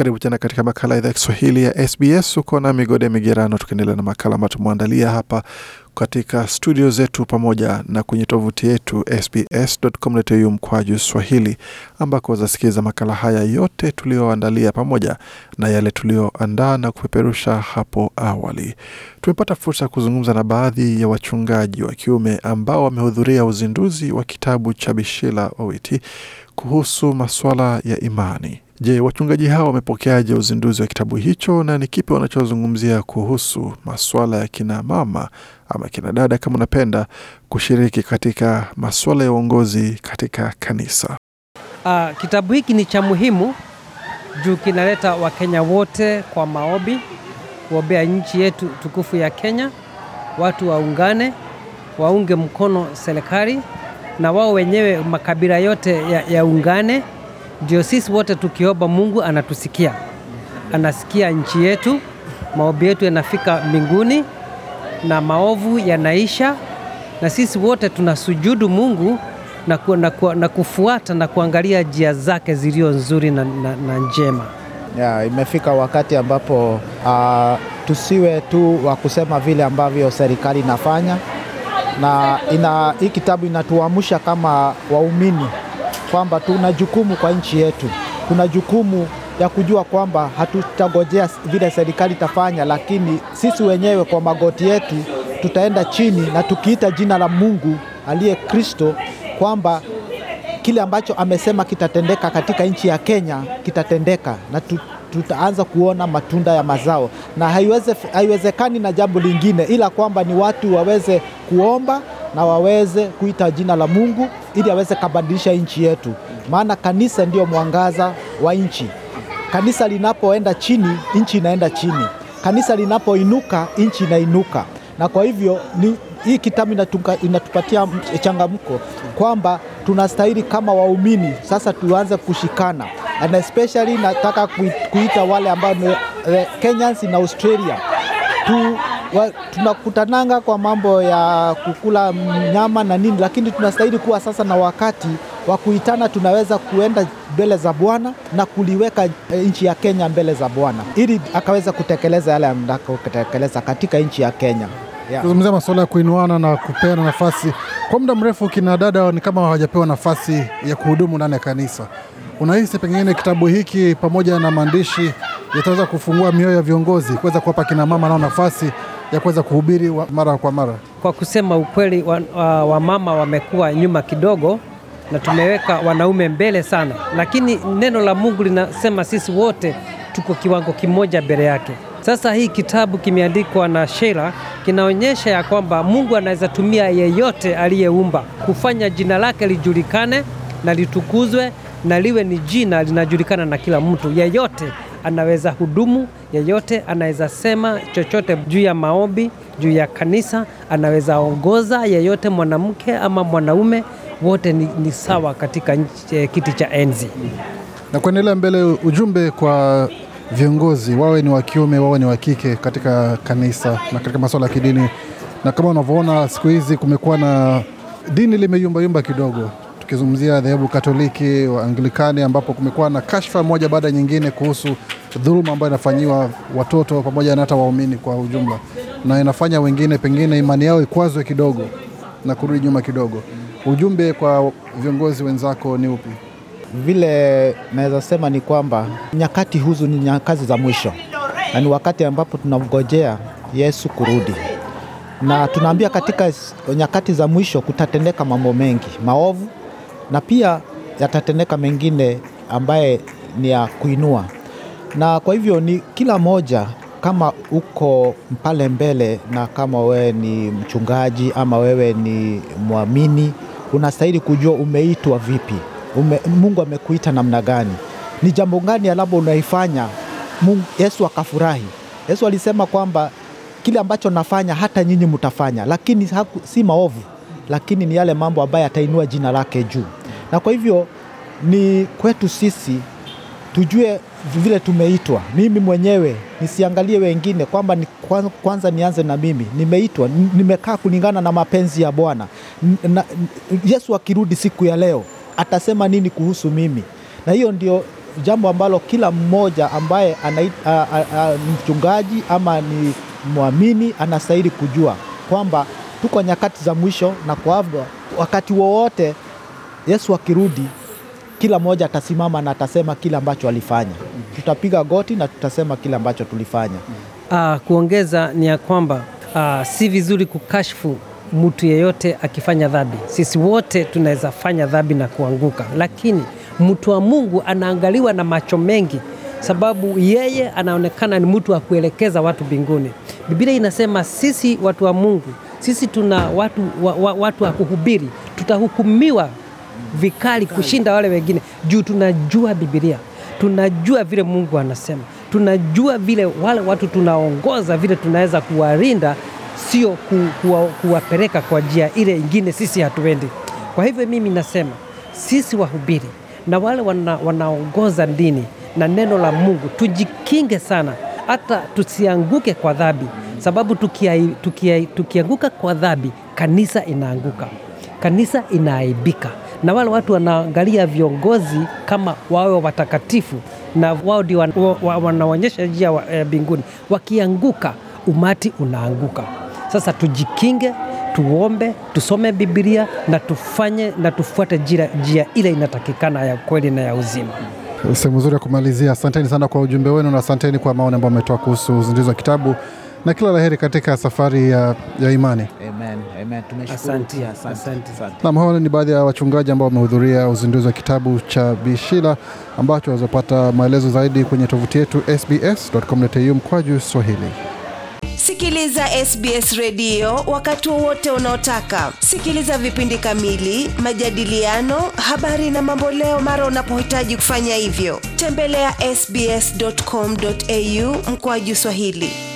Karibu tena katika makala idhaa ya Kiswahili ya SBS. Uko na Migode Migerano, tukiendelea na makala ambayo tumeandalia hapa katika studio zetu pamoja na kwenye tovuti yetu sbs.com.au mkwaju swahili, ambako wazasikiliza makala haya yote tuliyoandalia pamoja na yale tuliyoandaa na kupeperusha hapo awali. Tumepata fursa ya kuzungumza na baadhi ya wachungaji wa kiume ambao wamehudhuria uzinduzi wa kitabu cha Bishila Owiti kuhusu masuala ya imani Je, wachungaji hao wamepokeaje uzinduzi wa kitabu hicho na ni kipi wanachozungumzia kuhusu maswala ya kina mama ama kina dada kama unapenda kushiriki katika maswala ya uongozi katika kanisa? Uh, kitabu hiki ni cha muhimu juu kinaleta Wakenya wote kwa maombi kuombea nchi yetu tukufu ya Kenya. Watu waungane, waunge mkono serikali na wao wenyewe, makabila yote yaungane ya ndio sisi wote tukiomba Mungu anatusikia, anasikia nchi yetu, maombi yetu yanafika mbinguni na maovu yanaisha, na sisi wote tunasujudu Mungu na, ku, na, ku, na kufuata na kuangalia njia zake zilizo nzuri na, na, na njema. Yeah, imefika wakati ambapo uh, tusiwe tu wa kusema vile ambavyo serikali inafanya na ina, hii kitabu inatuamsha kama waumini kwamba tuna jukumu kwa nchi yetu, tuna jukumu ya kujua kwamba hatutangojea vile serikali itafanya, lakini sisi wenyewe kwa magoti yetu tutaenda chini na tukiita jina la Mungu aliye Kristo kwamba kile ambacho amesema kitatendeka katika nchi ya Kenya kitatendeka na tu, tutaanza kuona matunda ya mazao, na haiwezekani na jambo lingine ila kwamba ni watu waweze kuomba na waweze kuita jina la Mungu ili aweze kabadilisha nchi yetu, maana kanisa ndiyo mwangaza wa nchi. Kanisa linapoenda chini, nchi inaenda chini. Kanisa linapoinuka, nchi inainuka. Na kwa hivyo ni, hii kitabu inatupatia changamko kwamba tunastahili kama waumini sasa tuanze kushikana, and especially nataka kuita wale ambao ni eh, Kenyans na Australia tu tunakutananga kwa mambo ya kukula nyama na nini, lakini tunastahili kuwa sasa na wakati wa kuitana, tunaweza kuenda mbele za Bwana na kuliweka eh, nchi ya Kenya mbele za Bwana ili akaweza kutekeleza yale anataka kutekeleza katika nchi ya Kenya. Kuzungumzia yeah, masuala ya kuinuana na kupeana nafasi kwa muda mrefu, kina dada ni kama hawajapewa nafasi ya kuhudumu ndani ya kanisa. Unahisi pengine kitabu hiki pamoja na maandishi yataweza kufungua mioyo ya viongozi kuweza kuwapa kina mama nao nafasi ya kuweza kuhubiri mara kwa mara. Kwa kusema ukweli, wamama wa, wa wamekuwa nyuma kidogo na tumeweka wanaume mbele sana, lakini neno la Mungu linasema sisi wote tuko kiwango kimoja mbele yake. Sasa hii kitabu kimeandikwa na Sheila kinaonyesha ya kwamba Mungu anaweza tumia yeyote aliyeumba kufanya jina lake lijulikane na litukuzwe na liwe ni jina linajulikana na kila mtu yeyote anaweza hudumu yeyote, anaweza sema chochote juu ya maombi, juu ya kanisa, anaweza ongoza yeyote, mwanamke ama mwanaume, wote ni, ni sawa katika nchi, eh, kiti cha enzi. Na kuendelea mbele, ujumbe kwa viongozi, wawe ni wa kiume, wawe ni wa kike, katika kanisa na katika masuala ya kidini. Na kama unavyoona siku hizi kumekuwa na dini limeyumbayumba kidogo tukizungumzia dhehebu Katoliki wa Anglikani, ambapo kumekuwa na kashfa moja baada nyingine kuhusu dhuluma ambayo inafanyiwa watoto pamoja na hata waumini kwa ujumla, na inafanya wengine pengine imani yao ikwazwe kidogo na kurudi nyuma kidogo. Ujumbe kwa viongozi wenzako ni upi? Vile naweza sema ni kwamba nyakati huzu ni nyakati za mwisho, na ni wakati ambapo tunamgojea Yesu kurudi na tunaambia katika nyakati za mwisho kutatendeka mambo mengi maovu na pia yatatendeka mengine ambaye ni ya kuinua. Na kwa hivyo ni kila moja kama uko pale mbele na kama wewe ni mchungaji ama wewe ni mwamini unastahili kujua umeitwa vipi, ume, Mungu amekuita namna gani, ni jambo gani labda unaifanya Mungu, Yesu akafurahi. Yesu alisema kwamba kile ambacho nafanya hata nyinyi mtafanya, lakini si maovu, lakini ni yale mambo ambayo yatainua jina lake juu. Na kwa hivyo ni kwetu sisi tujue vile tumeitwa. Mimi mwenyewe nisiangalie wengine kwamba ni kwanza nianze na mimi. Nimeitwa, nimekaa kulingana na mapenzi ya Bwana. Yesu akirudi siku ya leo atasema nini kuhusu mimi? Na hiyo ndio jambo ambalo kila mmoja ambaye ni mchungaji ama ni mwamini anastahili kujua kwamba tuko nyakati za mwisho, na kwa wakati wowote Yesu akirudi kila mmoja atasimama na atasema kile ambacho alifanya. Tutapiga goti na tutasema kile ambacho tulifanya. Aa, ah, kuongeza ni ya kwamba aa, ah, si vizuri kukashfu mtu yeyote akifanya dhambi. Sisi wote tunaweza fanya dhambi na kuanguka, lakini mtu wa Mungu anaangaliwa na macho mengi, sababu yeye anaonekana ni mtu wa kuelekeza watu mbinguni. Biblia inasema sisi watu wa Mungu, sisi tuna watu wa, wa, watu wa kuhubiri, tutahukumiwa vikali kushinda wale wengine, juu tunajua Biblia, tunajua vile Mungu anasema, tunajua vile wale watu tunaongoza, vile tunaweza kuwalinda, sio ku, kuwa, kuwapeleka kwa njia ile ingine sisi hatuendi. Kwa hivyo mimi nasema sisi wahubiri na wale wana, wanaongoza dini na neno la Mungu tujikinge sana, hata tusianguke kwa dhambi, sababu tukia, tukia, tukianguka kwa dhambi kanisa inaanguka, kanisa inaaibika na wale watu wanaangalia viongozi kama wawe watakatifu na wao ndio wanaonyesha njia ya eh, mbinguni. Wakianguka, umati unaanguka. Sasa tujikinge, tuombe, tusome bibilia na tufanye na tufuate njia ile inatakikana ya kweli na ya uzima. Sehemu nzuri ya kumalizia. Asanteni sana kwa ujumbe wenu na asanteni kwa maoni ambayo ametoa kuhusu uzinduzi wa kitabu, na kila laheri katika safari ya, ya imani. Amen. Naam, ni baadhi ya wachungaji ambao wamehudhuria uzinduzi wa kitabu cha Bishila ambacho wazopata maelezo zaidi kwenye tovuti yetu sbs.com.au mkwaju Swahili. Sikiliza SBS redio wakati wowote unaotaka. Sikiliza vipindi kamili, majadiliano, habari na mamboleo mara unapohitaji kufanya hivyo. Tembelea ya sbs.com.au mkoaji Swahili.